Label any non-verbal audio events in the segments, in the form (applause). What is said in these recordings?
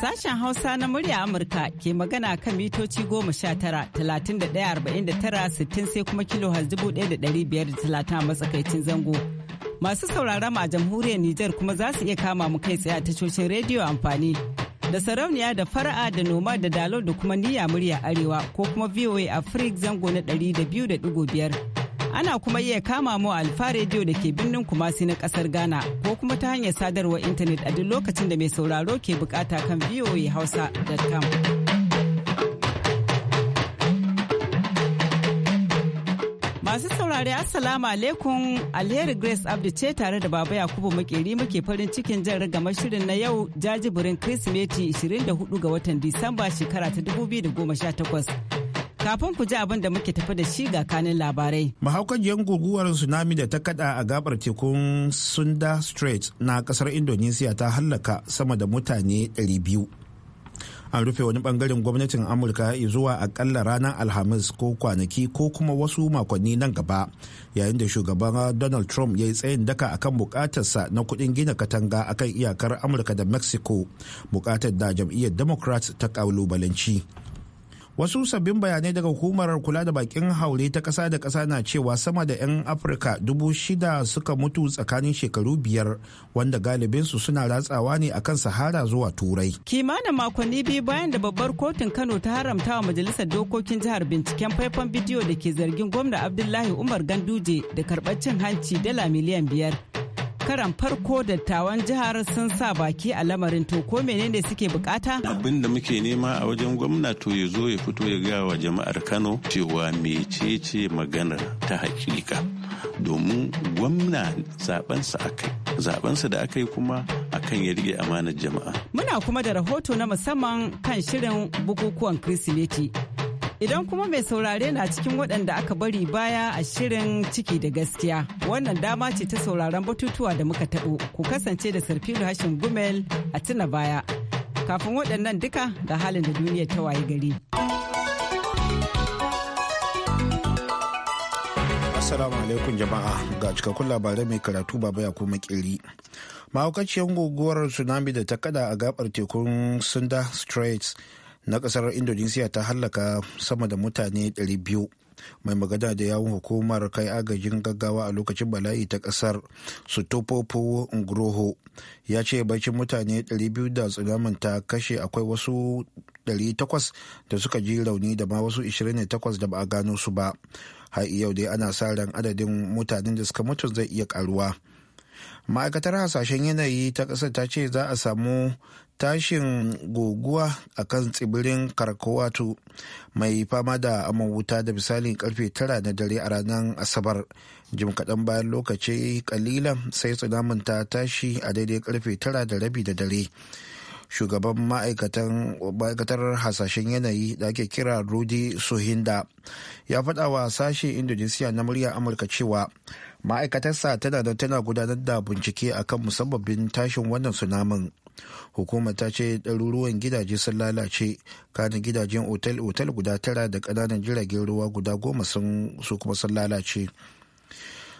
Sashen Hausa na murya Amurka ke magana kan mitoci goma sha tara, talatin da ɗaya arba'in da tara, sittin sai kuma kilo has dubu ɗaya da ɗari biyar da talatin a matsakaicin zango. Masu sauraron a jamhuriyar Nijar kuma za su iya kama mu kai tsaye a tashoshin rediyo amfani da sarauniya da fara'a da noma da dalo da kuma niyya murya arewa ko kuma VOA Africa zango na ɗari da biyu da ɗigo biyar. Ana kuma iya kama mu Alfa Radio da ke birnin Kumasi na kasar Ghana ko kuma ta hanyar sadarwar intanet a duk lokacin da mai sauraro ke bukata kan hausa.com Masu saurare Assalamu alaikum Alheri Grace abdu ce tare da Baba Yakubu Makeri muke farin cikin jan rigamar shirin na yau jajibirin Kirsimeti 24 ga watan Disamba shekara ta 2018. Kafin ku ji abin da muke tafi da shi ga kanin labarai. Mahaukajiyar guguwar tsunami da ta kada a gabar tekun Sunda Strait na kasar Indonesia ta hallaka sama da mutane 200. An rufe wani bangaren gwamnatin Amurka zuwa akalla ranar Alhamis ko kwanaki ko kuma wasu makonni nan gaba yayin da shugaban Donald Trump ya yi tsayin daka akan bukatarsa na kuɗin gina katanga akan iyakar Amurka da Mexico bukatar da jam'iyyar Democrat ta kalubalanci. wasu sabbin bayanai daga hukumar kula da bakin haure ta kasa da kasa na cewa sama da 'yan afirka dubu shida suka mutu tsakanin shekaru biyar wanda galibinsu suna ratsawa ne akan sahara zuwa turai kimanin makonni biyu bayan da babbar kotun kano ta haramta wa majalisar dokokin jihar binciken faifan bidiyo da ke zargin gwamna abdullahi umar ganduje da karɓar cin hanci dala miliyan biyar Karon farko dattawan jihar sun sa baki a lamarin to ko menene suke bukata? Abin da muke nema a wajen gwamna to ya zo ya fito ya gaya wa jama'ar Kano cewa mecece maganar ta hakika. Domin gwamna zabensa aka zabensa da aka kuma akan ya rige amanar jama'a. Muna kuma da rahoto na musamman kan shirin bukukuwan Kirsimeti. Idan kuma mai saurare na cikin waɗanda aka bari baya a shirin ciki da gaskiya, wannan dama ce ta sauraron batutuwa da muka taɓo ku kasance da sarfilu hashin gumel a tuna baya. Kafin waɗannan duka ga halin da duniya ta waye gari. Assalamu alaikum jama'a ga cikakkun labarai mai karatu baba ya kuma kiri. mahaukaciyar guguwar tsunami da ta kada a gabar tekun sunda straits na kasar indonesia ta hallaka sama da mutane 200 mai magana da yawon hukumar kai agajin gaggawa a lokacin bala'i ta kasar sutopopo ngroho ya ce bacin mutane 200 da tsunamin ta kashe akwai wasu 800 da suka ji rauni da ma wasu 28 da ba a gano su ba har yau dai ana sa ran adadin mutanen da suka mutu zai iya karuwa ma'aikatar hasashen yanayi ta ƙasar ta ce za a samu tashin guguwa a kan tsibirin karkawatu mai fama da aman wuta da misalin karfe 9 na dare a ranar asabar jim kaɗan bayan lokaci kalilan sai tsunamin ta tashi a daidai karfe 9 da rabi da dare shugaban ma'aikatar hasashen yanayi da ake kira rudy sohinda ya faɗa wa sashe indonesiya na murya amurka cewa ma'aikatarsa tana da tana gudanar da bincike akan musabbabin tashin wannan tsunamin hukumar ta ce ɗaruruwan gidaje sun lalace kanin gidajen otal-otal guda tara da ƙananan jiragen ruwa guda goma su kuma sun lalace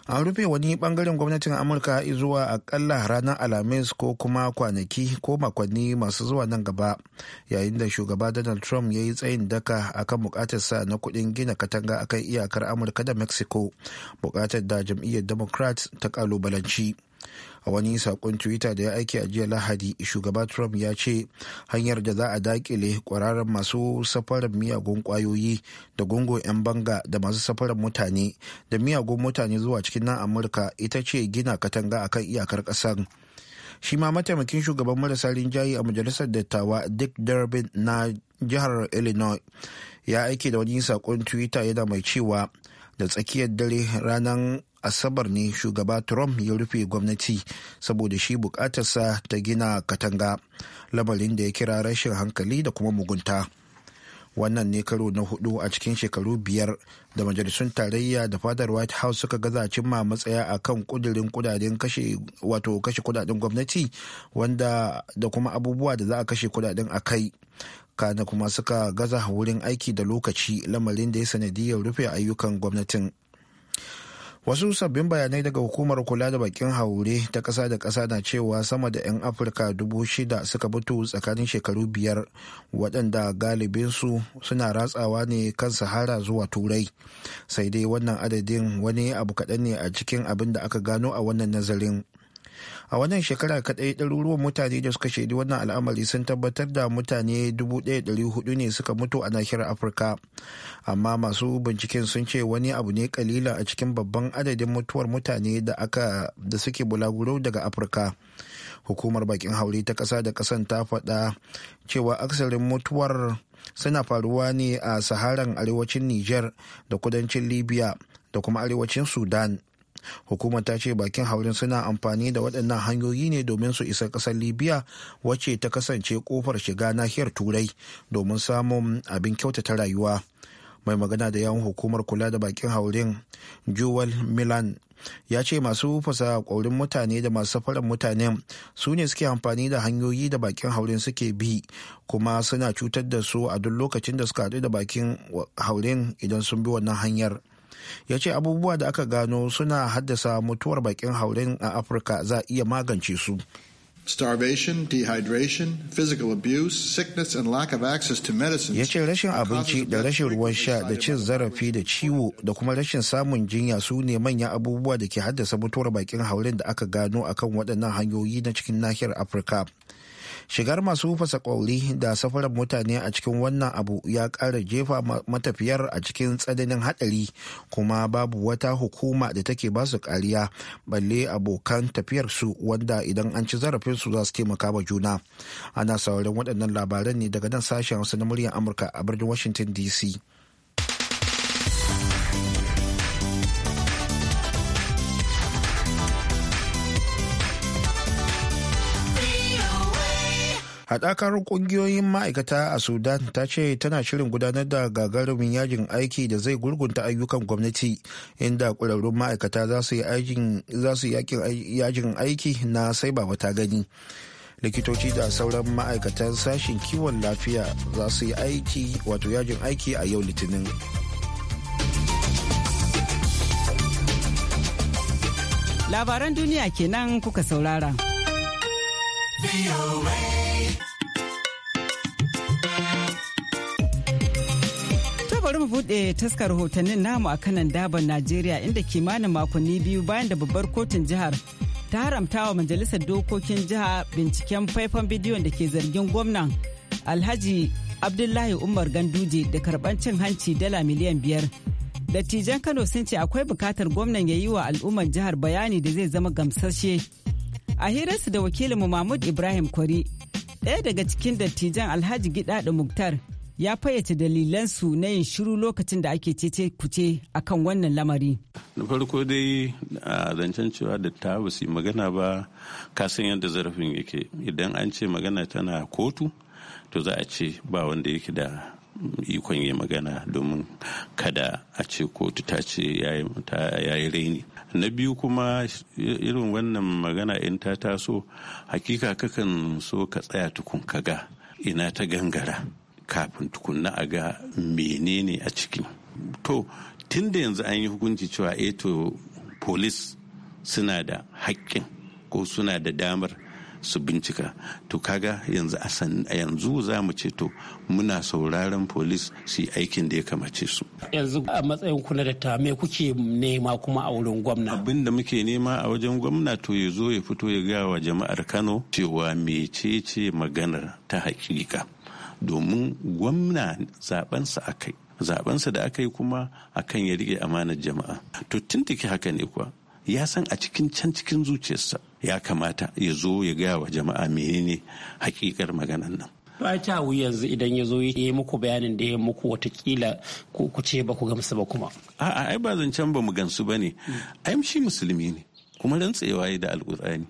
an rufe wani bangaren gwamnatin amurka zuwa akalla ranar alhamis ko kuma kwanaki ko makonni masu zuwa nan gaba yayin da shugaba donald trump ya yi tsayin daka akan sa na kudin gina katanga akan iyakar amurka da mexico bukatar da jam'iyyar democrat ta kalubalanci a wani sakon twitter da ya aiki a jiya lahadi shugaba trump ya ce hanyar da za a dakile kwararren masu safarar miyagun kwayoyi da gungun 'yan banga da masu safarar mutane da miyagun mutane zuwa cikin nan amurka ita ce gina katanga akan iyakar ƙasar shi ma mataimakin shugaban marasa rinjaye a majalisar dattawa dick durbin na jihar illinois ya aiki da wani sakon twitter yana mai cewa da tsakiyar dare ranar asabar ne shugaba trump ya rufe gwamnati saboda shi bukatarsa ta gina katanga lamarin da ya kira rashin hankali da kuma mugunta wannan ne karo na hudu a cikin shekaru biyar da majalisun tarayya da fadar white house suka gaza cimma matsaya a kan kudirin kudaden kashe wato kashe kudaden gwamnati wanda da kuma abubuwa da za a kashe kudaden a kai kana kuma suka gaza wurin aiki da lokaci lamarin da ya sanadiyar rufe ayyukan gwamnatin wasu sabbin bayanai daga hukumar kula da bakin haure ta kasa da kasa na cewa sama da 'yan afirka dubu shida suka mutu tsakanin shekaru biyar waɗanda galibinsu suna ratsawa ne kan sahara zuwa turai sai dai wannan adadin wani abu kaɗan ne a cikin abin da aka gano a wannan nazarin a wannan shekara kadai ɗaruruwan mutane da suka shaidi wannan al'amari sun tabbatar da mutane 1,400 ne suka mutu a nahiyar afirka amma masu binciken sun ce wani abu ne kalila a cikin babban adadin mutuwar mutane da aka da suke bulaguro daga afirka hukumar bakin haure ta ƙasa da kasan ta faɗa cewa aksarin mutuwar suna faruwa ne a saharan arewacin niger da kudancin libya da kuma arewacin sudan hukumar ta ce bakin haurin suna amfani da waɗannan hanyoyi ne domin su isa ƙasar libya wacce ta kasance kofar shiga nahiyar turai domin samun abin kyautata rayuwa mai magana da yawon hukumar kula da bakin haurin jewel milan ya ce masu fasa ƙaurin mutane da masu safarar mutane su ne suke amfani da hanyoyi da bakin haurin suke bi kuma suna cutar da su a duk lokacin da suka haɗu da bakin haurin idan sun bi wannan hanyar. ya ce abubuwa da aka gano suna haddasa mutuwar bakin hauren a afirka za a iya magance su starvation, dehydration, physical abuse, sickness and lack of access to medicine. Ya ce rashin abinci da rashin ruwan sha da cin zarafi da ciwo da kuma rashin samun jinya su ne manyan abubuwa da ke haddasa mutuwar bakin haurin da aka gano akan waɗannan hanyoyi na cikin nahiyar Afirka. shigar masu fasa kwauri da safarar mutane a cikin wannan abu ya kara jefa matafiyar a cikin tsananin hadari kuma babu wata hukuma da take ba su kariya balle abokan tafiyar su wanda idan an ci zarafin za su taimaka wa juna ana saurin waɗannan labaran ne daga nan sashen hausa na muryar amurka a birnin washington dc haɗakar ƙungiyoyin ma'aikata a sudan ta ce tana shirin gudanar da gagarumin yajin aiki da zai gurgunta ayyukan gwamnati inda ƙwararrun ma'aikata za su yi yajin aiki na sai ba wata gani likitoci da sauran ma'aikatan sashen kiwon lafiya za su yi aiki wato yajin aiki a yau litinin labaran duniya kenan kuka saurara. buɗe taskar rahotannin namu a kanan daban Najeriya inda kimanin makonni biyu bayan da babbar kotun jihar ta haramta wa majalisar dokokin jiha binciken faifan bidiyon da ke zargin gwamnan Alhaji Abdullahi Umar Ganduje da karɓar cin hanci dala miliyan biyar. Dattijan Kano sun ce akwai bukatar gwamnan ya yi wa al'ummar jihar bayani da zai zama gamsashe. A hirarsu da wakilinmu Mahmud Ibrahim Kwari, ɗaya daga cikin dattijan Alhaji gida da Muktar, ya fayyace dalilansu na yin shiru lokacin da ake cece kuce akan wannan lamari. Na farko dai a zancen cewa da ta ba su magana ba kasan yadda zarafin yake idan an ce magana tana kotu to za a ce ba wanda yake da ikon yi magana domin kada a ce kotu ta ce ya yi raini na biyu kuma irin wannan magana in ta taso hakika kakan so ka tsaya tukun kaga ina ta gangara kafin tukunna a ga menene a ciki to tun da yanzu an yi hukunci cewa eh to polis suna da haƙƙin ko suna da damar su bincika to kaga yanzu a yanzu za mu ce to muna sauraron polis su yi aikin da ya kamace su yanzu a matsayin kuna da ta me kuke nema kuma a wurin gwamna abin da muke nema a wajen gwamna to ya zo ya fito ya gaya wa jama'ar kano cewa mecece maganar ta hakika domin gwamna zabensa a kai zabensa da aka yi kuma a kan ya rike amanar jama'a to tun haka ne kuwa ya san a cikin can cikin zuciyarsa ya kamata ya zo ya gaya wa jama'a menene hakikar maganan nan ba ta yanzu idan ya zo ya yi muku bayanin da ya muku watakila ko ku ce ba ku gamsu ba kuma a'a ai ba zancen ba mu gamsu ba ne ai shi musulmi ne kuma rantsewa ya da alkur'ani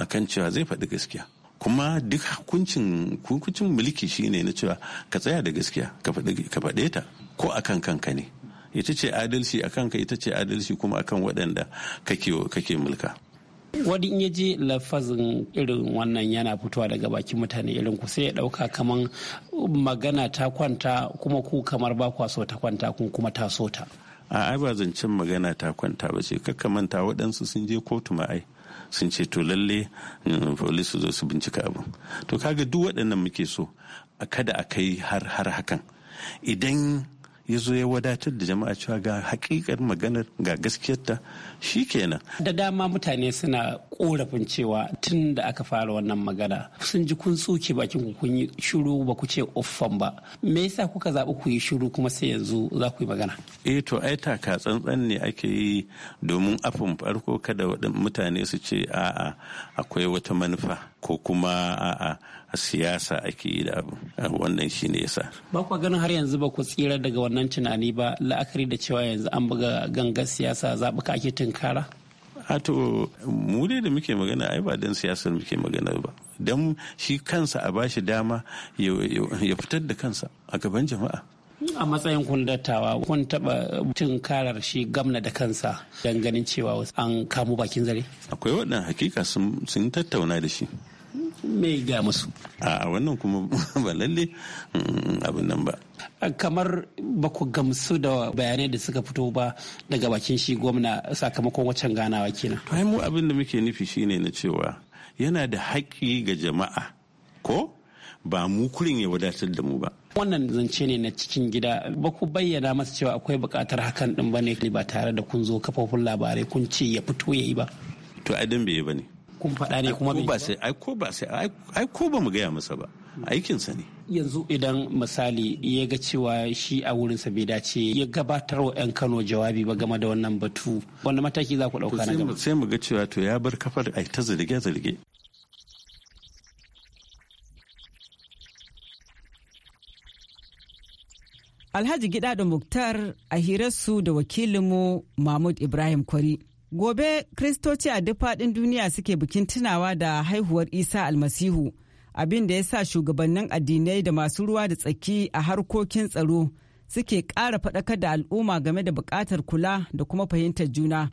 akan cewa zai faɗi gaskiya kuma duk hukuncin hukuncin mulki shine na cewa ka tsaya da gaskiya ka faɗe ta ko akan kanka ne ita ce adalci akan ka ita ce adalci kuma akan waɗanda kake mulka wani in je lafazin irin wannan yana fitowa daga bakin mutane irin ku sai ya dauka kaman magana ta kwanta kuma ku kamar ba kwa so ta kwanta kun kuma ta so a ai ba zancen magana ta kwanta ba ce kakka manta waɗansu sun je kotu ma ai sun ce to lalle mm, police su zo su bincika abin to kaga duk waɗannan muke so a kada a kai har har hakan idan ya zo ya wadatar da jama'a cewa ga hakikar maganar ga gaskiyarta shi kenan. Da dama mutane suna korafin cewa tun da aka fara wannan magana sun ji kun tsuke bakin ku kun yi shiru ba ku ce uffan ba. Me yasa kuka zaɓi ku yi shiru kuma sai yanzu za ku yi magana? Eh to ai taka tsantsan ne ake yi domin afin farko kada mutane su ce a'a akwai wata manufa. ko kuma a'a siyasa ake yi da abu wannan shi ne yasa. ba kwa ganin har yanzu ba ku tsira daga wannan tunani ba la'akari da cewa yanzu an buga gangar siyasa zaɓuka ake tunkara. to mu dai da muke magana ai ba dan siyasar muke magana ba dan shi kansa a bashi dama ya fitar da kansa a gaban jama'a a matsayin kun dattawa kun taba tun shi gamna da kansa don ganin cewa an kamo bakin zare akwai waɗannan hakika sun tattauna da shi Me ga musu a wannan kuma (laughs) ba lalle mm, abin nan ba kamar ba ku gamsu da bayanai da suka fito ba daga bakin shi gwamna sakamakon waccan ganawa kenan to mu abin da muke nufi shine na cewa yana da haƙƙi ga jama'a ko ba mu kurin ya wadatar da mu ba wannan zance ne na cikin gida ba ku bayyana masa cewa akwai buƙatar hakan din ne ba tare da kun zo kafofin labarai kun ce ya fito ya yi ba to bai yi ba ne. kun faɗa ne kuma ba sai ai ko ba sai ai ko ba mu gaya masa ba aikinsa ne yanzu idan misali ya ga cewa shi a wurinsa bai dace ya gabatar wa 'yan kano jawabi ba game da wannan batu wanda mataki za ku ɗauka na gaba sai mu ga cewa to ya bar kafar ai ta zirge-zirge Alhaji da Muktar a hirarsu da wakilinmu Mahmud Ibrahim Kwari. Gobe, Kristoci a duk faɗin duniya suke bikin tunawa da haihuwar Isa almasihu, abin da ya sa shugabannin addinai da masu ruwa da tsaki a harkokin tsaro suke ƙara faɗakar da al'umma game da buƙatar kula da kuma fahimtar juna.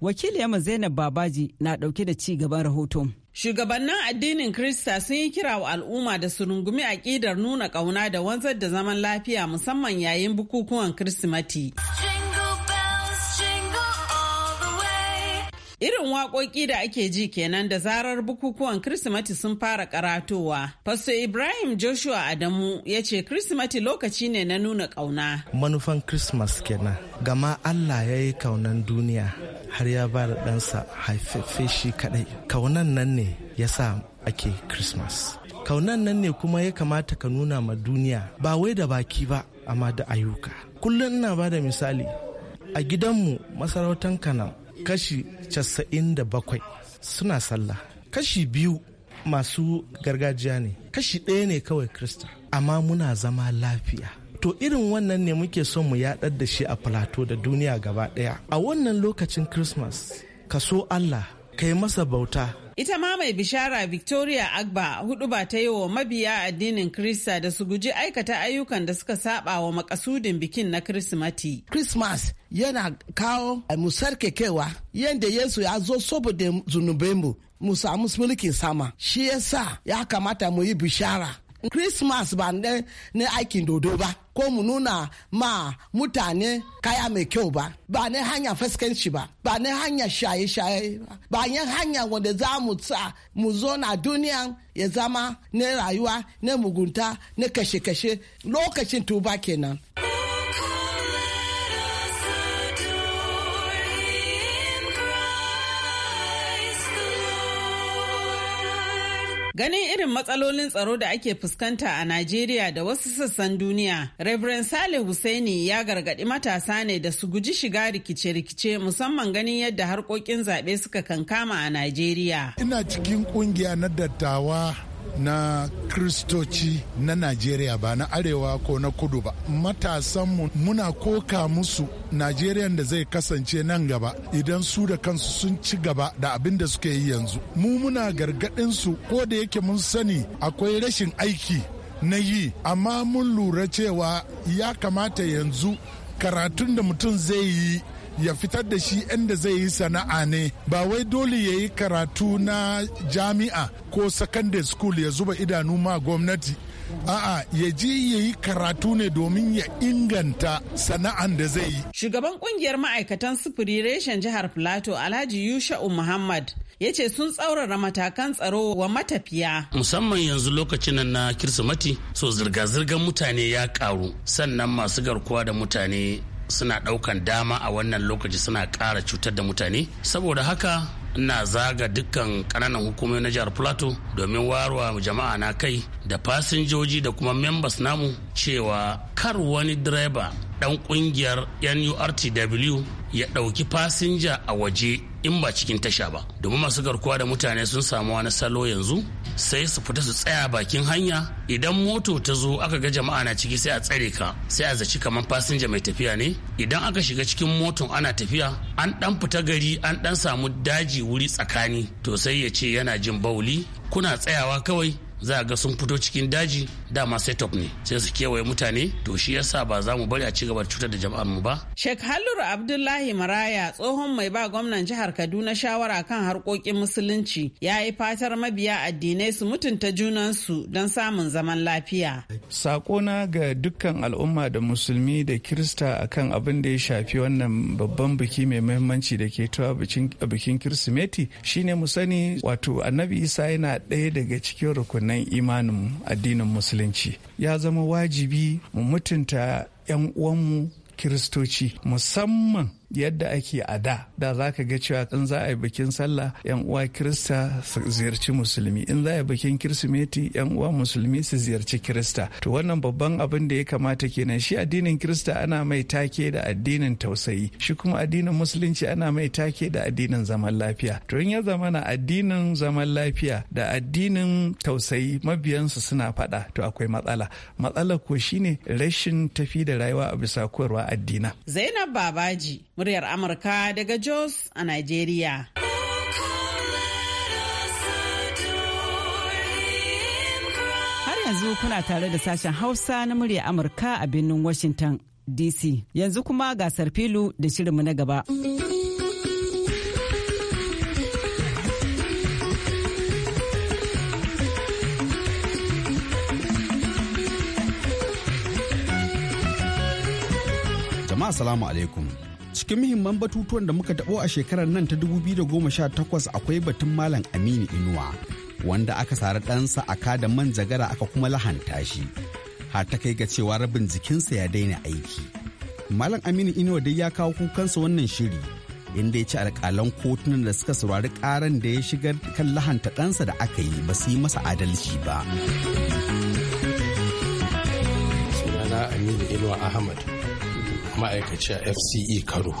Wakiliyarmu Zainab Babaji na ɗauke da ci gaban rahoton. Shugabannin addinin Krista sun yi kira wa al'umma da su rungumi aƙidar nuna ƙauna da wanzar da zaman lafiya musamman yayin bukukuwan Kirsimati. Irin waƙoƙi da ake ji kenan da zarar bukukuwan Kirsimati sun fara karatowa. Fasto Ibrahim Joshua Adamu ya ce Kirsimati lokaci ne na nuna ƙauna. Manufan Christmas kenan. Gama Allah ya yi kaunan duniya har ya ba da ɗansa haifafe shi kaɗai. Kaunan nan ne ya sa ake Christmas. Kaunan nan ne kuma ya kamata ka nuna ma duniya ba wai da baki ba amma da ayyuka. Kullum ina ba da misali a gidanmu masarautar kanan kashi 97 suna sallah kashi biyu masu gargajiya ne kashi ɗaya ne kawai krista amma muna zama lafiya to irin wannan ne muke son mu yaɗar da shi a plateau da duniya gaba ɗaya a wannan lokacin christmas ka so allah ka yi masa bauta Ita ma mai bishara Victoria Agba hudu ba ta yi wa mabiya addinin Krista da su guji aikata ayyukan da suka saba wa makasudin bikin na Kirsimati. Christmas yana kawo mu kekewa yadda Yesu ya zo saboda zunubemu mu samu mulkin sama. Shi yasa ya kamata mu yi bishara Christmas ba ne aikin dodo ba, ko mu nuna ma mutane kaya mai kyau ba, ba ne hanya fuskanci ba, ba ne hanya shaye-shaye ba, ba ne hanya wanda za mu sa mu zo na duniya ya zama na rayuwa na mugunta na kashe-kashe lokacin tuba kenan. Ganin irin matsalolin tsaro da ake fuskanta a Najeriya da wasu sassan duniya, Reverend Saleh Hussaini ya gargaɗi matasa ne da su guji shiga rikice-rikice musamman ganin yadda harkokin zaɓe suka kankama a Najeriya. Ina cikin ƙungiya na dattawa na kristoci na najeriya ba na arewa ko na kudu ba matasan mu muna koka musu najeriya da zai kasance nan gaba idan su da kansu sun ci gaba da abin da suke yi yanzu mu muna gargaɗin su ko da yake mun sani akwai rashin aiki na yi amma mun lura cewa ya kamata yanzu karatun da mutum zai yi ya fitar da shi inda zai yi sana'a ne ba wai dole ya yi karatu na jami'a ko secondary school ya zuba idanu ma gwamnati A'a ya je ya yi karatu ne domin ya inganta sana'an da zai yi. Shugaban kungiyar ma'aikatan sufuri reshen jihar Filato Alhaji Yusha'u Muhammad ya ce sun tsaurara matakan tsaro wa matafiya. Musamman yanzu lokacin nan na Kirsimati, so zirga-zirgar mutane ya karu sannan masu garkuwa da mutane suna ɗaukan dama a wannan lokaci suna kara cutar da mutane saboda haka ina zaga dukkan kananan hukumomi na jihar plateau domin warwa jama'a na kai da fasinjoji da kuma membas namu cewa kar wani direba dan kungiyar nurtw ya ɗauki fasinja a waje in ba cikin tasha ba domin masu garkuwa da mutane sun samu wani salo yanzu sai su fita su tsaya bakin hanya idan moto ta zo aka ga jama'a na ciki sai a tsare ka sai a zaci kamar fasinja mai tafiya ne idan aka shiga cikin moton ana tafiya an dan fita gari an dan samu daji wuri tsakani to sai ya ce yana jin bauli kuna tsayawa kawai za a ga sun fito cikin daji dama setup ne sai su kewaye mutane to shi yasa ba za mu bari a ci gaba da cutar da jama'ar mu ba. Sheikh Halluru Abdullahi Maraya tsohon mai ba gwamnan jihar Kaduna shawara kan harkokin musulunci ya yi fatar mabiya addinai su mutunta junan su don samun zaman lafiya. sako na ga dukkan al'umma da musulmi da kirista akan abin da ya shafi wannan babban biki mai muhimmanci da ke tuwa bikin Kirsimeti shine mu sani wato Annabi Isa yana ɗaya daga cikin rukunin wannan imanin addinin musulunci ya zama wajibi mu mutunta 'yan uwanmu kiristoci musamman yadda ake a da da za ka ga cewa in za a yi bikin sallah yan uwa kirista su ziyarci musulmi in za a yi bikin kirsimeti yan uwa musulmi su ziyarci kirista to wannan babban abin da ya kamata kenan shi addinin kirista ana mai take da addinin tausayi shi kuma addinin musulunci ana mai take da addinin zaman lafiya to in ya zama na addinin zaman lafiya da addinin tausayi mabiyansu suna faɗa to akwai matsala matsalar ko shine rashin tafi da rayuwa a bisa koyarwa addina zainab babaji muryar Amurka daga Jos a nigeria. Har yanzu kuna tare da sashen Hausa na muryar Amurka a birnin Washington DC. Yanzu kuma gasar filu da shirinmu na gaba. jama'a alaikum cikin muhimman batutuwan da muka taɓo a shekarar nan ta 2018 akwai batun malam aminu inuwa wanda aka sari ɗansa a kada manjagara aka kuma lahanta shi har ta kai ga cewa rabin jikinsa ya daina aiki malam aminu inuwa dai ya kawo kukansa wannan shiri inda ya ci alƙalan kotunan da suka saurari karan da ya shigar kan lahanta ɗansa da aka yi ba su yi masa adalci ba. Na aminu inuwa ahmad ma'aikaci a fce kano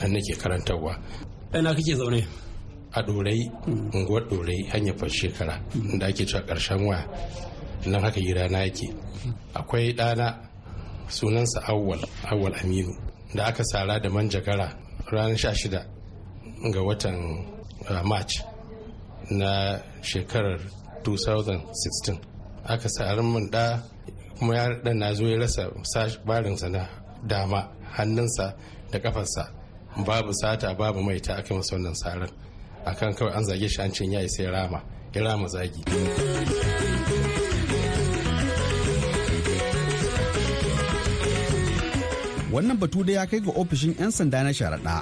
nan nake karantarwa ina kake zaune a dorai unguwar dorai hanyar fa shekara da ake cewa karshen waya nan haka yi rana yake akwai ɗana sunansa awwal awwal aminu da aka sara da manjagara ranar shida ga watan uh, march na shekarar 2016 aka sa'arin mun da kuma ya dan na zo ya rasa barinsa na dama hannunsa da kafarsa babu sata babu mai ta aka masa wannan saran akan kawai an zage shi an cin yayi sai rama ya rama zagi wannan batu da ya kai ga ofishin 'yan sanda na sharaɗa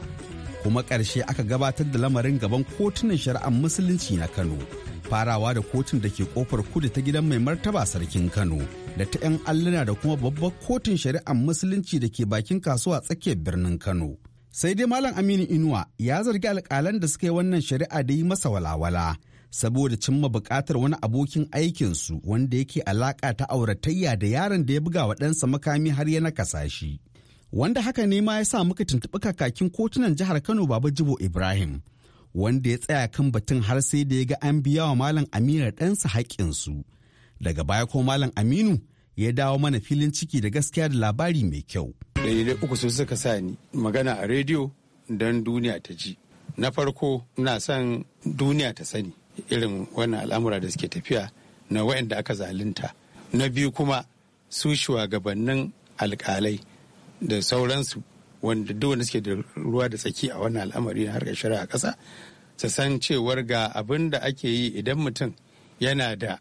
kuma ƙarshe aka gabatar da lamarin gaban kotunan shari'ar musulunci na kano farawa da kotun da ke kofar kudu ta gidan mai martaba sarkin kano da ta 'yan alluna da kuma babbar kotun shari'ar musulunci da ke bakin kasuwa tsakiyar birnin kano sai dai malam aminu inuwa ya zargi alkalan da suka yi wannan shari'a da yi masa walawala saboda cimma bukatar wani abokin aikinsu wanda yake alaƙa ta auratayya da yaron da ya buga wa ɗansa makami har ya nakasa shi wanda haka ne ma ya sa muka tuntuɓi kakakin kotunan jihar kano baba jibo ibrahim wanda ya tsaya kan batun har sai da ya ga an biya wa Malam Aminu ɗansa haƙƙinsu. Daga baya ko Malam Aminu ya dawo mana filin ciki da gaskiya da labari mai kyau. Dalilai uku sun suka sa ni magana a rediyo don duniya ta ji. Na farko ina son duniya ta sani irin wannan al'amura da suke tafiya na wayanda aka zalunta. Na biyu kuma su shugabannin alkalai da sauransu wanda duk wanda suke da ruwa da tsaki a wannan al'amari na harkar shari'a ƙasa su san cewar ga abin da ake yi idan mutum yana da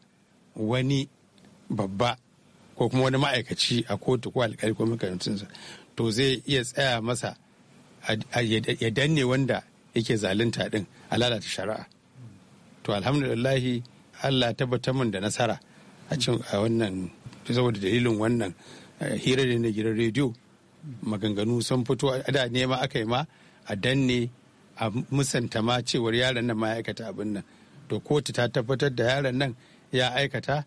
wani babba ko kuma wani ma'aikaci a kotu ko alƙali ko makarantunsa to zai iya tsaya masa ya danne wanda yake zalunta din a lalata shari'a to alhamdulillah allah tabbatar min da nasara a cin wannan saboda dalilin wannan eh, hira da na gidan rediyo maganganu sun fito a da nema aka yi ma a danne a musanta ma cewar yaron nan ma aikata abin nan to kotu ta tabbatar da yaron nan ya aikata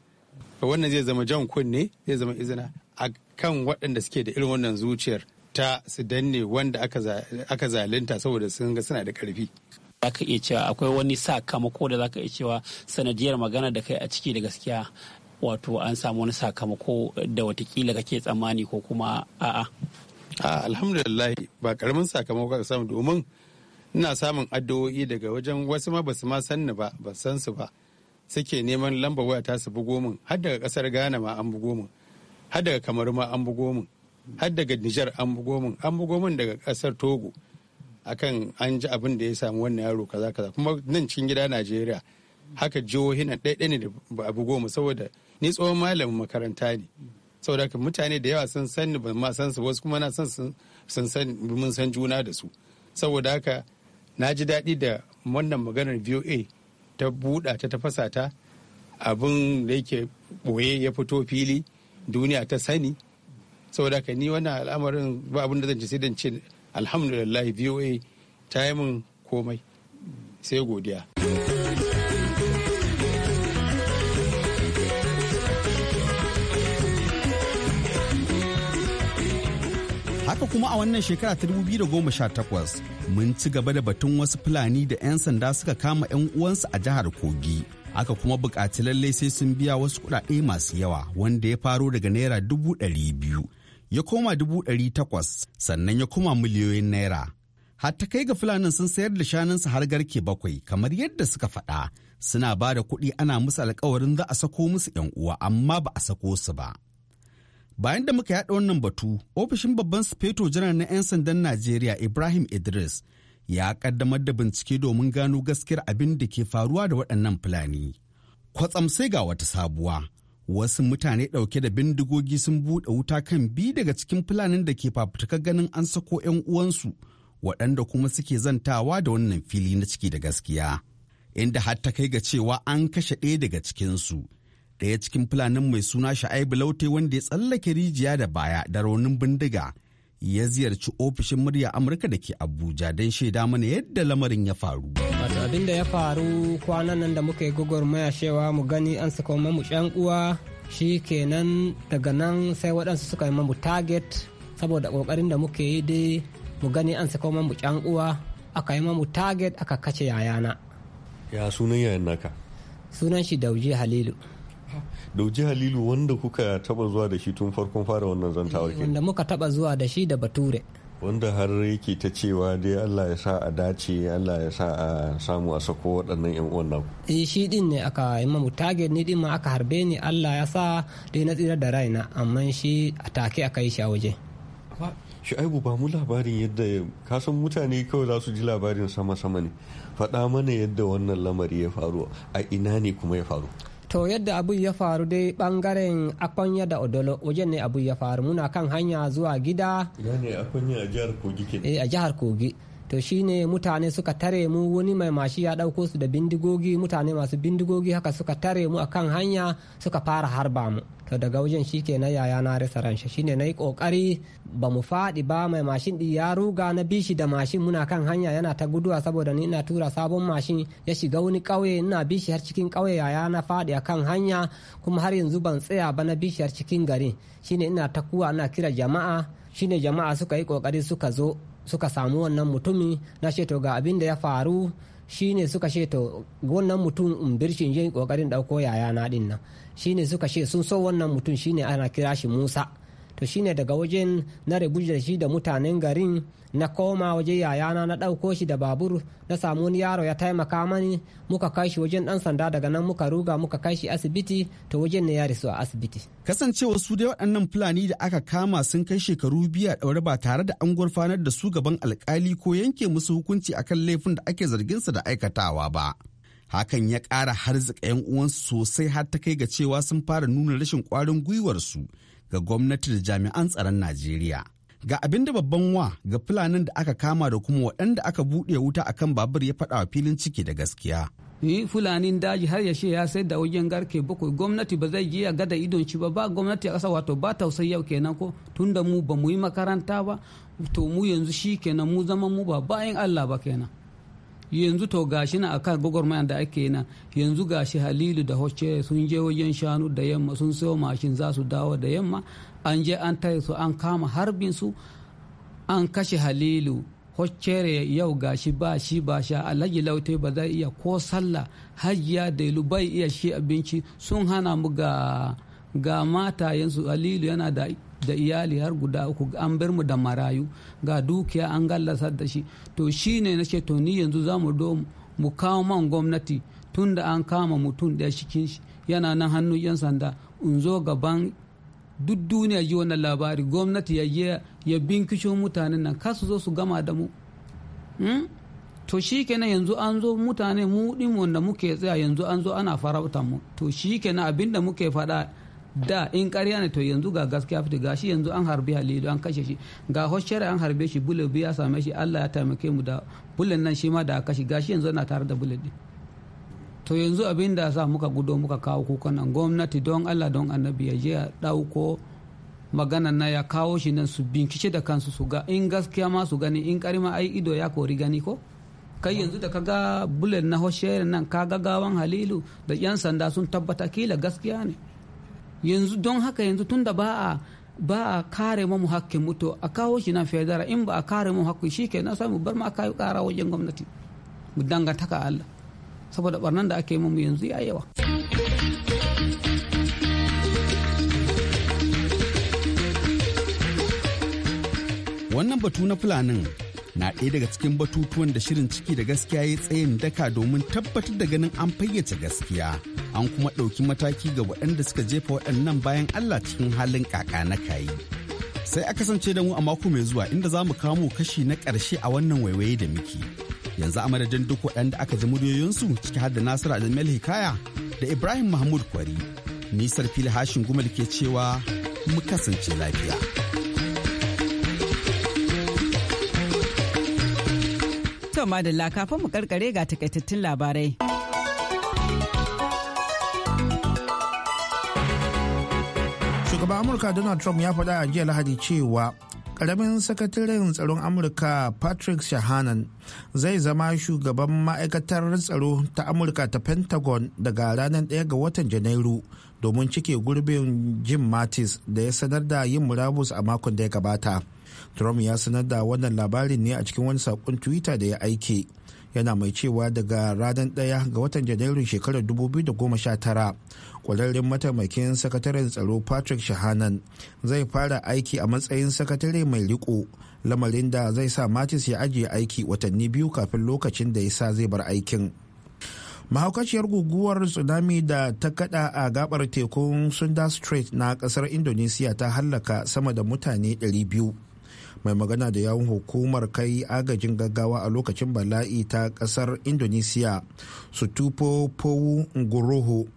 wannan zai zama jan kunne zai zama izina a kan waɗanda suke da irin wannan zuciyar ta su danne wanda aka zalunta saboda sun ga suna da ƙarfi za ka iya cewa akwai wani sakamako da za ka iya cewa sanadiyar magana da kai a ciki da gaskiya wato an samu wani sakamako da watakila kake tsammani ko kuma a'a a alhamdulillah ba karamin sakamako ka samu domin ina samun addu'o'i daga wajen wasu ma basu ma san ni ba ba san su ba suke neman lambar waya ta su bugo min har daga kasar Ghana ma an bugo min har daga Kamaru ma an bugo min har daga Niger an bugo min an bugo min daga kasar Togo akan an ji abin da ya samu wannan yaro kaza kaza kuma nan cikin gida Najeriya haka jihohi nan ɗaya ne da ba a bugo mu saboda ni tsohon malamin makaranta ne saboda haka mutane da yawa sun sani ban ma san su wasu kuma na san sun san mun san juna da su saboda haka na ji daɗi da wannan maganar VOA ta buɗa ta tafasa ta abin da yake ɓoye ya fito fili duniya ta sani saboda haka ni wannan al'amarin ba abin da zan ci sai dan ce alhamdulillah VOA ta yi min komai sai godiya. haka kuma a wannan shekara ta sha takwas mun ci gaba da batun wasu fulani da 'yan sanda suka kama 'yan uwansu a jihar kogi aka kuma buƙaci lallai sai sun biya wasu kuɗaɗe masu yawa wanda ya faro daga naira dubu ɗari biyu ya koma dubu ɗari takwas sannan ya koma miliyoyin naira har ta kai ga fulanin sun sayar da shanunsu har garke bakwai kamar yadda suka faɗa suna ba da kuɗi ana musu alkawarin za a sako musu 'yan uwa amma ba a sako su ba. bayan da muka yaɗa wannan batu ofishin babban sufeto janar na 'yan sandan najeriya ibrahim idris ya kaddamar da bincike domin gano gaskiyar abin da ke faruwa da waɗannan fulani kwatsam sai ga wata sabuwa wasu mutane ɗauke da bindigogi sun buɗe wuta kan bi daga cikin fulanin da ke fafutuka ganin an sako 'yan uwansu waɗanda kuma suke zantawa da wannan fili na ciki da gaskiya inda har ta kai ga cewa an kashe ɗaya daga cikinsu daya cikin fulanin mai suna sha'aibu laute wanda ya tsallake rijiya da baya da raunin bindiga ya ziyarci ofishin murya amurka da ke abuja don shaida mana yadda lamarin ya faru abin da ya faru kwanan nan da muka yi gwagwarmaya mu gani an saka mamu shan uwa shi kenan daga nan sai waɗansu suka yi mamu target saboda ƙoƙarin da muke yi dai mu gani an saka mamu shan uwa aka yi mamu target aka kace yayana ya sunan yayan naka sunan shi dauji halilu dauji halilu wanda kuka taba zuwa da shi tun farkon fara wannan zantawar ke wanda muka taba zuwa da shi da bature wanda har yake ta cewa dai allah ya sa a dace allah ya sa a samu a sako waɗannan yan uwan naku E, shi din ne aka yi mamu target ni din ma aka harbe ni allah ya sa dai na tsira da raina amma shi a take aka yi shi a waje shu'aibu ba mu labarin yadda ka san mutane kawai za su ji labarin sama-sama ne faɗa mana yadda wannan lamari ya faru a ina ne kuma ya faru to yadda abu ya faru dai bangaren akwanya da odolo wajen ne abu ya faru muna kan hanya zuwa gida Ya ne akwanya a jihar kogi ke eh, a jihar kogi to shine mutane suka tare mu wani mai mashi ya ɗauko su da bindigogi mutane masu bindigogi haka suka tare mu akan hanya suka fara harba mu to daga wajen shi ke na yaya na rasa ranshi shine na yi ƙoƙari ba mu faɗi ba mai mashin ɗi ya ruga na bishi da mashin muna kan hanya yana ta guduwa saboda ni ina tura sabon mashin ya shiga wani kauye ina bishi har cikin kauye yaya na faɗi akan hanya kuma har yanzu ban tsaya ba na bishi har cikin gari shine ina ta kuwa ina kira jama'a shine jama'a suka yi kokari suka zo suka samu wannan mutumi na sheto ga abin da ya faru shine suka sheto wannan mutum in birshi yin kokarin dauko yaya na din nan shine suka she sun so wannan mutum shine ana kira shi Musa to shine daga wajen na rubuta shi da mutanen garin na koma waje yayana na ɗauko shi da babur na samu wani yaro ya taimaka mani muka kai shi wajen ɗan sanda daga nan muka ruga muka kai shi asibiti to wajen ne ya rasu a asibiti. kasancewa su dai waɗannan fulani da aka kama sun kai shekaru biya ɗaure ba tare da an gurfanar da su gaban alkali ko yanke musu hukunci akan laifin da ake zargin su da aikatawa ba. hakan ya ƙara harzika 'yan uwansu sosai har ta kai ga cewa sun fara nuna rashin ƙwarin gwiwarsu ga gwamnati da jami'an tsaron najeriya ga abin da babban wa ga fulanin da aka kama da kuma waɗanda aka buɗe wuta a kan babur ya faɗa wa filin ciki da gaskiya ni fulanin daji har ya ya sai da wajen garke bakwai gwamnati ba zai je ya gada idon shi ba ba gwamnati a ƙasa wato ba tausayi yau kenan ko tunda mu ba mu yi makaranta ba to mu yanzu shi kenan mu zama mu ba bayan Allah ba kenan yanzu to gashi na akan gwagwarmayan da ake na yanzu gashi halilu da hoce sun je wajen shanu da yamma sun sayo mashin za su dawo da yamma an je an tare su an kama harbin su an kashe halilu hoccere yau gashi ba shi ba sha alhaji lautai ba zai iya ko sallah hajiya ilu bai iya shi abinci sun hana mu ga ga matayensu halilu yana da da iyali har guda uku an bar mu da marayu ga dukiya an gallasa da shi to shi ne na to ni yanzu za mu mu kawo man gwamnati tunda an kama mutum ɗaya cikin shi yana nan hannun yan sanda in zo gaban duk duniya ji wannan labari gwamnati ya je ya binkisho mutanen nan kasu zo su gama da mu hmm? to shi kenan yanzu an zo mutane mu din wanda muke tsaya yanzu an zo ana farauta mu to shi kenan abinda muke faɗa da in karya ne to yanzu ga gaskiya fita gashi yanzu an harbi halilu an kashe shi ga hoshere an harbe shi bule ya same shi allah ya taimake mu da bulen nan shi ma da kashe gashi yanzu ana tare da bulet din to yanzu abin da sa muka gudo muka kawo kukan nan gwamnati don allah don annabi ya je magana na ya kawo shi nan su bincike da kansu su ga in gaskiya ma su gani in karima ai ido ya kori gani ko kai yanzu da kaga bullet na hoshere nan ka ga gawan halilu da yan sanda sun tabbata kila gaskiya ne yanzu don haka yanzu tun da ba a kare mu hakkin mutu a kawo shi nan fedara in ba a kare mu hakkin shi ke sai mu bar ma kai kara wajen gwamnati mu dangantaka Allah saboda barnan da aka yi mu yanzu ya yawa wannan batu na fulanin na ɗaya daga cikin batutuwan da shirin ciki da gaskiya ya tsayin daka domin tabbatar da ganin an fayyace gaskiya an kuma ɗauki mataki ga waɗanda suka jefa waɗannan bayan Allah cikin halin kaka na kayi. Sai a kasance da mu a mako mai zuwa inda za mu kamo kashi na ƙarshe a wannan waiwaye da muke. yanzu a madadin duk waɗanda aka ji muryoyinsu ciki har da nasiru jamil hikaya da ibrahim mahmud kwari nisar fili hashin gumal ke cewa mu kasance lafiya to madalla kafin mu karkare ga takaitattun labarai shugaban amurka donald trump ya faɗa a jiya lahadi cewa Karamin sakataren tsaron Amurka Patrick Shahanan zai zama shugaban ma'aikatar tsaro ta Amurka ta Pentagon daga ranar 1 ga watan Janairu domin cike gurbin Jim Mattis da ya sanar da yin murabus a makon da ya gabata. Trump ya sanar da wannan labarin ne a cikin wani saƙon Twitter da ya aike. yana mai cewa daga ranar ɗaya ga watan janairun shekarar 2019 kwararren mataimakin sakataren tsaro patrick shahanan zai fara aiki a matsayin sakatare mai riko lamarin da zai sa matis ya ajiye aiki watanni biyu kafin lokacin da ya sa zai bar aikin mahaukaciyar guguwar tsunami da ta kada a gabar tekun sunda strait na kasar indonesia ta hallaka sama da mutane 200 mai magana da yawun hukumar kai agajin gaggawa a lokacin bala'i ta kasar indonesiya sutufo powu nguruhu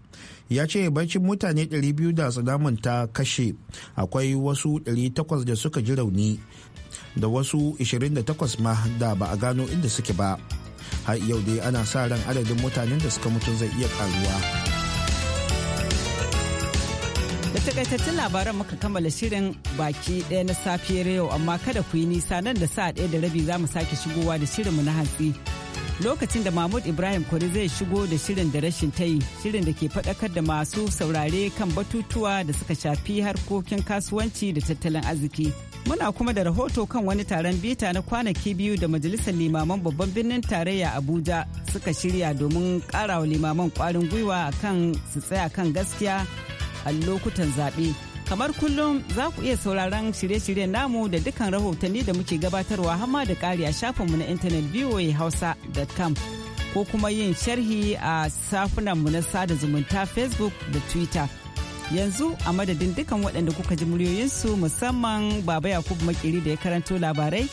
ya ce bacin mutane 200 da tsadamin ta kashe akwai wasu 800 da suka ji rauni da wasu 28 ma da ba a gano inda suke ba har yau dai ana sa ran adadin mutanen da suka mutu zai iya karuwa. takaitattun labaran muka kammala shirin baki ɗaya na safiyar yau amma kada ku yi nisa nan da sa ɗaya da rabi za mu sake shigowa da shirinmu na hantsi. Lokacin da Mahmud Ibrahim Kwari zai shigo da shirin da rashin tayi shirin da ke faɗakar da masu saurare kan batutuwa da suka shafi harkokin kasuwanci da tattalin arziki. Muna kuma da rahoto kan wani taron bita na kwanaki biyu da Majalisar Limaman Babban Birnin Tarayya Abuja suka shirya domin karawa limaman ƙwarin gwiwa kan su tsaya kan gaskiya a lokutan zaɓe. Kamar kullum za ku iya sauraron shirye-shiryen namu da dukkan rahotanni da muke gabatarwa hama da ƙari a shafinmu na intanet voahausa.com ko kuma yin sharhi a safunanmu na sada zumunta Facebook da Twitter. yanzu a madadin dukan waɗanda kuka ji muryoyinsu musamman baba yakubu makiri da ya karanto labarai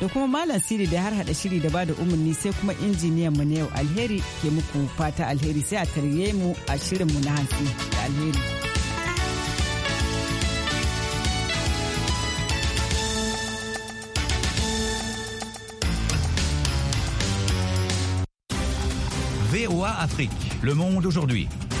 da kuma Malam Siri da har hada shiri da bada umarni sai kuma injiniyan mu ne yau alheri ke muku fata alheri sai a tarye mu a shirin mu na hantsi da alheri. VOA Afrique, le monde aujourd'hui.